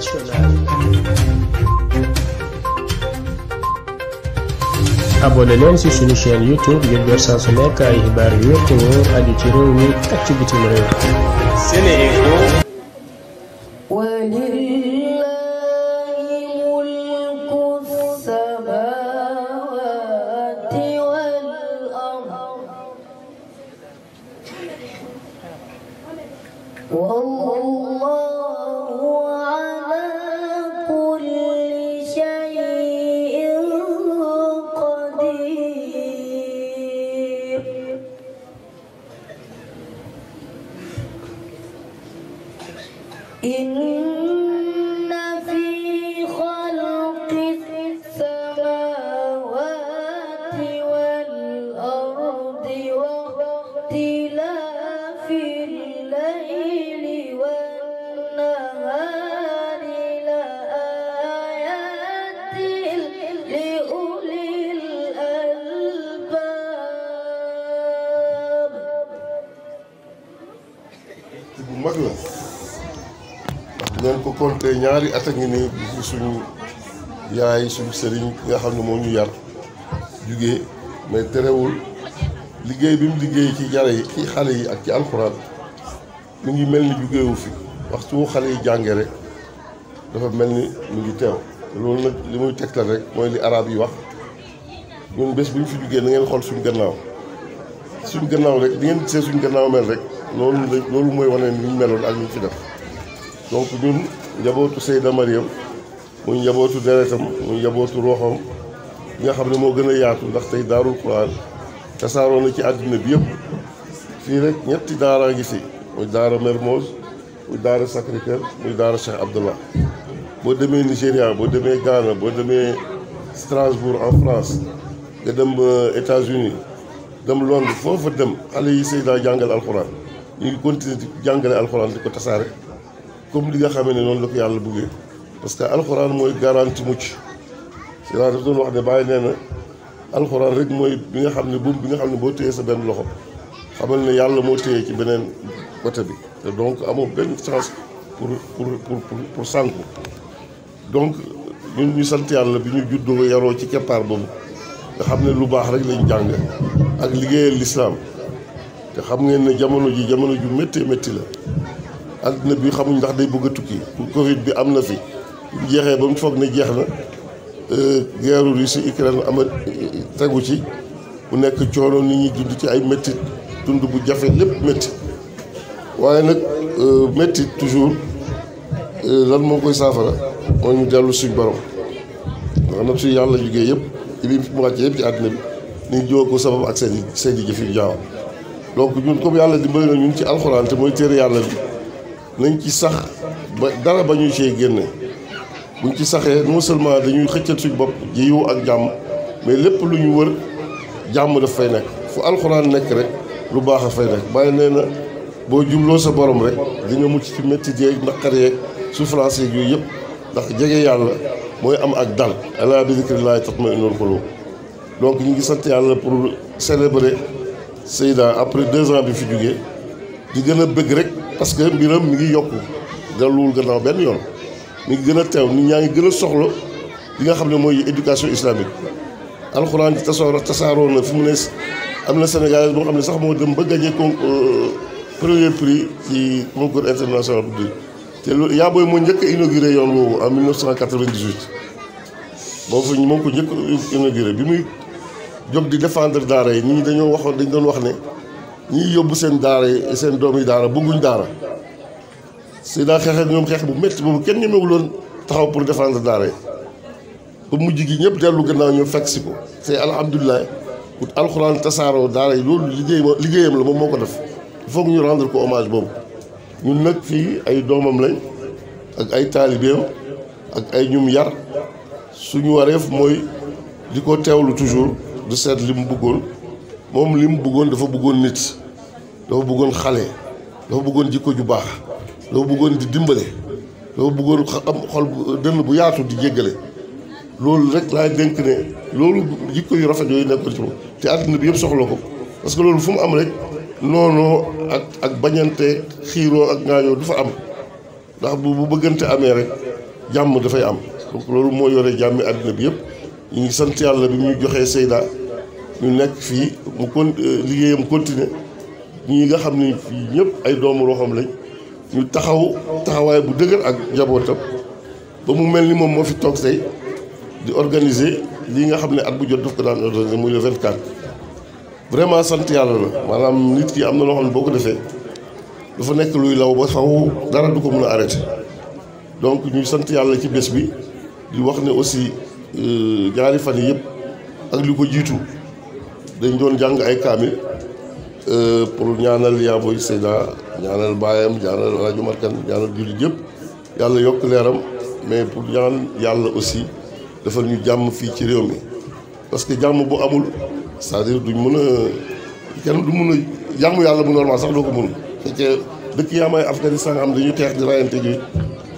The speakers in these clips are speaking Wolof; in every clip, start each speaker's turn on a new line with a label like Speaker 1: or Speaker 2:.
Speaker 1: internationale. abonné leen ci suñu chaîne youtube ngir jot saa su nekk xibaar yu wér te wóor ci réew mi ak ci bitim réew. compter ñaari at ni ngi nii bi suñu yaay suñu sëriñ nga xam ne moo ñu yar jugee mais terewul liggéey bi mu liggéey ci yare yi ci xale yi ak ci alxuraan mu ngi mel ni jugeewu fi waxtu wu xale yi jàngee rek dafa mel ni mu ngi teew loolu nag li muy tegtal rek mooy li arab yi wax ñun bes bu ñu fi jugee na ngeen xool suñu gannaaw suñu gannaaw rek di ngeen gisee suñu gannaaw mel rek loolu loolu mooy wane ni ñu meloon ak ñu fi def. donc ñun njabootu Seyda Mariam muy njabootu deretam muy njabootu roxam bi nga xam ne moo gën a yaatu ndax tey daarul Quran tasaaroo na ci àddina bi yëpp fii rek ñetti daaraa gi si muy daara Mermoz muy daara Sacré-Cœur muy daara Cheikh Abdallah boo demee Nigéria boo demee Ghana boo demee Strasbourg en France nga dem États-Unis dem Londres foofa dem xale yi Seyda jàngale alxuraan ñu ngi continuer di jàngale alxuraan di ko tasaare comme li nga xamee ne noonu la ko yàlla bëggee parce que alxuraan mooy garanti mucc yàlla daf doon wax ne bàyyi nee na alxuraan rek mooy bi nga xam ne buum bi nga xam ne boo téyee sa benn loxo xamal ne yàlla moo téye ci beneen côté bi te donc amoo benn chance pour pour pour pour sànku donc ñu ñu sant yàlla bi ñu juddoo yaroo ci keppaar boobu nga xam ne lu baax rek lañ jàng ak liggéeyal lislaam te xam ngeen ne jamono ji jamono ju métti métti la adduna bi xamuñ ndax day bëgg a tukki Covid bi am na fi jeexee ba mu foog ne jeex na euh, guerre Russie Ukraine ama tegu ci bu nekk coono nit ñi dund ci ay méttit dund bu jafe lépp métti waaye nag euh, métti toujours euh, lan moo koy saafara moo ñu dellu suñ borom ndax nag suñu yàlla jugee yëpp li mu wàcce yëpp ci àddina bi ni ngi jóga ko sabab ak seen i seen i jëf yu jaaw donc ñun comme yàlla dimbali na ñun ci alxuraan te mooy téere yàlla bi nañ ci sax ba dara ba ñu cee génne buñ ci saxee non seulement dañuy xëccal suñ bopp jiwu ak jàmm mais lépp lu ñu wër jàmm daf fay nekk fu alxuraan nekk rek lu baax a fay nekk bàyyi nee na boo jubloo sa borom rek di nga mucc ci métti yeeg naqar yeeg souffrance yeeg yooyu yëpp ndax jege yàlla mooy am ak dal ala bi dikrillaahi tatma'innul quluub donc ñu ngi sant yàlla pour célébrer Seyda après deux ans bi fi jógee di gën a bëgg rek parce que mbiram mi ngi yokku delluwul gannaaw benn yoon mi ngi gën a teew nit ñaa ngi gën a soxla li nga xam ne mooy éducation islamique alxuraan di tasaaroo tasaaroo na fi mu ne am na Sénégalais boo xam ne sax moo dem ba gagné con euh, premier prix ci concours international bu dul te loolu yaa booy moo njëkk a inauguré yoon woowu en 1998 moo fa moom ko njëkk inauguré bi muy jóg di défendre daara yi nit ñi dañoo waxoon dañ doon wax ne ñiy yóbbu seen daara yi seen doom yi daara bëgguñu daara si daa xeex ñoom xeex bu métti boobu kenn ñemewul woon taxaw pour défendre daara yi ba mujj gi ñëpp dellu gannaaw ñu fekk si ko te alhamdulilah ut alxuraan tasaaroo daara yi loolu liggéey liggéeyam la moom moo ko def il ñu rendre ko omage boobu ñun nag fii ay doomam lañ ak ay taalibeem ak ay ñum yar suñu wareef mooy di ko teewlu toujours du seet li mu bëggoon moom li mu bëggoon dafa bëggoon nit doo bëggoon xale doo bëggoon jikko ju baax doo bëggoon di dimbale doo bëggoon am xol dënn bu yaatu di jéggale loolu rek laay dénk ne loolu jikko yu rafet yooyu nekkoon ci moom bi yëpp soxla ko parce que loolu fu mu am rek noonoo ak bañante xiiroo ak ngaañoo du fa am ndax bu bu bëggante amee rek jàmm dafay am donc loolu moo yore jàmmi àddina bi yëpp ñu ngi sant yàlla bi ñu joxee seydaa ñu nekk fii mu kon liggéeyam continuer ñii nga xam ni fii ñëpp ay doomu roxam lañ ñu taxaw taxawaay bu dëgër ak njabootam ba mu mel ni moom moo fi toog say di organiser lii nga xam ne at bu jot daf ko daan organiser muy le 24. vraiment sant yàlla la maanaam nit ki am na loo ne boo ko defee dafa nekk luy law ba faw dara du ko mën a arrêté donc ñuy sant yàlla ci bés bi di wax ne aussi euh, ñaari fan yëpp ak li ko jiitu dañ doon jàng ay kaamil. Euh, pour ñaanal yaa booy Seyda ñaanal baayam ñaanal rajo Markan ñaanal jullit yëpp yàlla yokk leeram mais pour ñaan yàlla aussi defal ñu jàmm fii ci réew mi parce que jàmm bu amul cest à duñ mën a kenn du mun a jàmm yàlla bu normal sax doo ko mën fekkee dëkk yaa may Afghanistan am dañu teex di rayante ji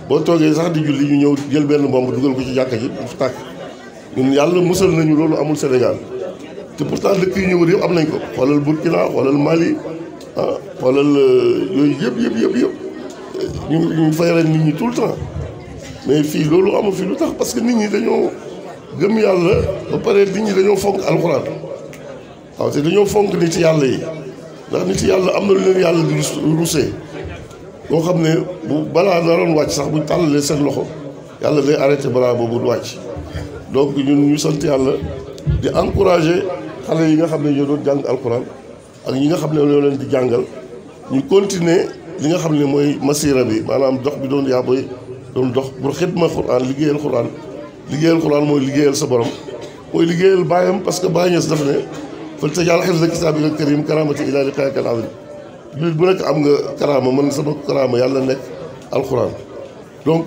Speaker 1: boo toogee sax di julli ñu ñëw jël benn bomb dugal ko ci jàkka ji tàkk ñun yàlla musal nañu loolu amul Sénégal te pourtant dëkk yi ñu wër yëpp am nañ ko xoolal Burkina xoolal Mali ah xoolal euh, yooyu yëpp yëpp yëpp yëpp ñu ñu fayal nit ñi tout le temps mais fii loolu amul fii lu tax parce que nit ñi dañoo gëm yàlla ba pare nit ñi dañoo fonk alxuraan waaw te dañoo fonk nit yàlla yi ndax nit yàlla am na lu leen yàlla di rusee boo xam ne bu balaa naroon wàcc sax buñ tàllalee seen loxo yàlla day arrêté balaa boobu wàcc donc ñun ñu sant yàlla di encourager. xale yi nga xam ne ñoo doon jàng alxuraan ak ñi nga xam ne ñoo leen di jàngal ñu continuer li nga xam ne mooy masira bi maanaam dox bi doon yaa doon dox pour xidma xuraan liggéeyal xuraan liggéeyal xuraan mooy liggéeyal sa borom mooy liggéeyal baayam parce que Baay Ñas daf ne fal tajal xifza kitaabika karim karamati ila liqaayika al-azim jullit bu nekk am nga karaama man sama karaama yàlla nekk alxuraan donc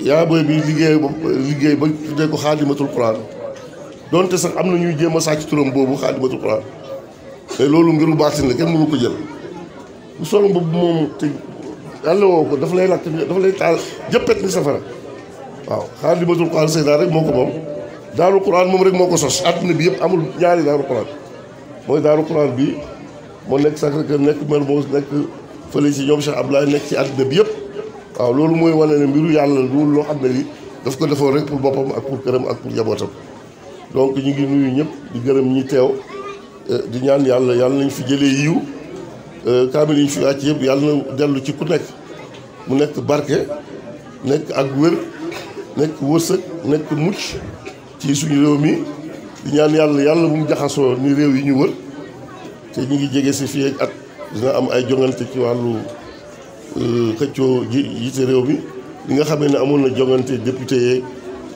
Speaker 1: yaa booy bi liggéey ba liggéey ba tuddee ko xaadimatul xuraan donte sax am na ñuy jéem a sàcc turam boobu xaadimatul quran mais loolu mbiru baatin la kenn mënu ko jël bu solo boobu moom te yàlla woo ko dafa lay lakk dafa lay taal jëppet ni safara waaw xaadimatul quran Seyda rek moo ko moom daaru quran moom rek moo ko sos àdduna bi yëpp amul ñaari daaru quran mooy daaru quran bi moo nekk Sacré-Cœur nekk Mermoz nekk fële si ñoom ab Abdoulaye nekk ci àdduna bi yëpp waaw loolu mooy wane ne mbiru yàlla lu loo xam ne li daf ko defoon rek pour boppam ak pour këram ak pour njabootam donc ñu ngi nuyu ñëpp di gërëm ñi teew euh, di ñaan yàlla yàlla nañ fi jëlee yiw euh, kaamil yi ñu fi wàcc yëpp yàlla na dellu ci ku nekk mu nekk barke nekk ak wér nekk wërsëg nekk mucc ci suñu réew mi di ñaan yàlla yàlla bu mu jaxasoo ni réew yi ñu wër te ñu ngi jege si fii ak dina am ay jongante ci wàllu euh, xëccoo ji jiite réew mi li nga xamee ne amoon na jongante député yeeg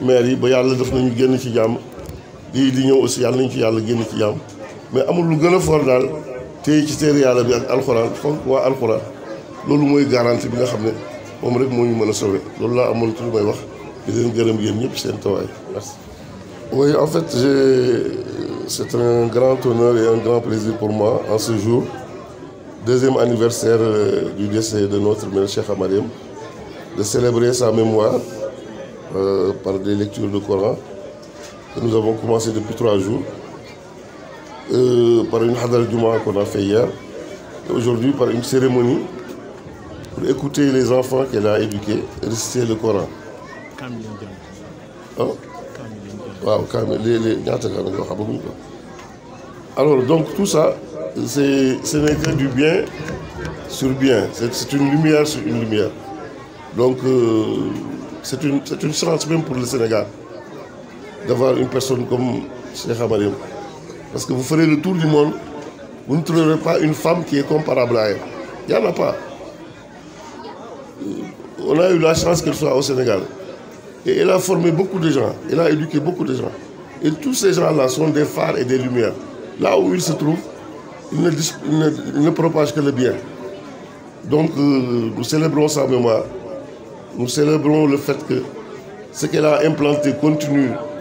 Speaker 1: maire yi ba yàlla def nañu génn ci jàmm lii di ñëw aussi yàlla nañu ci yàlla génn ci jàmm mais amul lu gën a for daal téye ci téere yàlla bi ak alxuraan fonk waa alxuraan loolu mooy garantie bi nga xam ne moom rek moo ñu mën a sauver loolu laa amoon ci lu may wax di leen gërëm yéen ñëpp seen tawaay merci. oui en fait j'ai c'est un grand honneur et un grand plaisir pour moi en ce jour deuxième anniversaire euh, du décès de notre mère Cheikha Mariam célébrer sa mémoire euh, par des lectures du Coran. que nous avons commencé depuis trois jours euh, par une Hadar Juma qu'on a fait hier et aujourd'hui par une cérémonie pour écouter les enfants qu'elle a éduqués et le Coran. waaw kaame léeg-léeg ñaata nga xam alors donc tout ça c'est ce n'est que du bien sur bien c'est, c'est une lumière sur une lumière donc euh, c'est une c'est une pour le Sénégal d'avoir une personne comme Cheikh Amariam. Parce que vous ferez le tour du monde, vous ne trouverez pas une femme qui est comparable à elle. Il n'y pas. On a eu la chance qu'elle soit au Sénégal. Et elle a formé beaucoup de gens, elle a éduqué beaucoup de gens. Et tous ces gens-là sont des phares et des lumières. Là où ils se trouvent, ils ne, ils que le bien. Donc euh, nous célébrons sa mémoire, nous célébrons le fait que ce qu'elle a implanté continue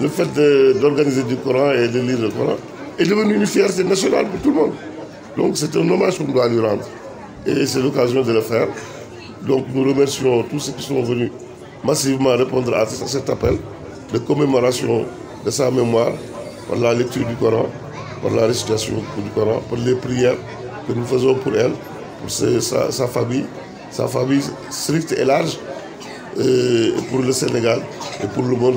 Speaker 1: le fait d'organiser du Coran et de lire le Coran est devenu une fierté nationale pour tout le monde. Donc c'est un hommage qu'on doit lui rendre. Et c'est l'occasion de le faire. Donc nous remercions tous ceux qui sont venus massivement répondre à cet appel de commémoration de sa mémoire par la lecture du Coran, par la récitation du Coran, par les prières que nous faisons pour elle, sa, famille, sa et large, pour le Sénégal et pour le monde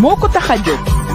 Speaker 1: moo ko tax a jóg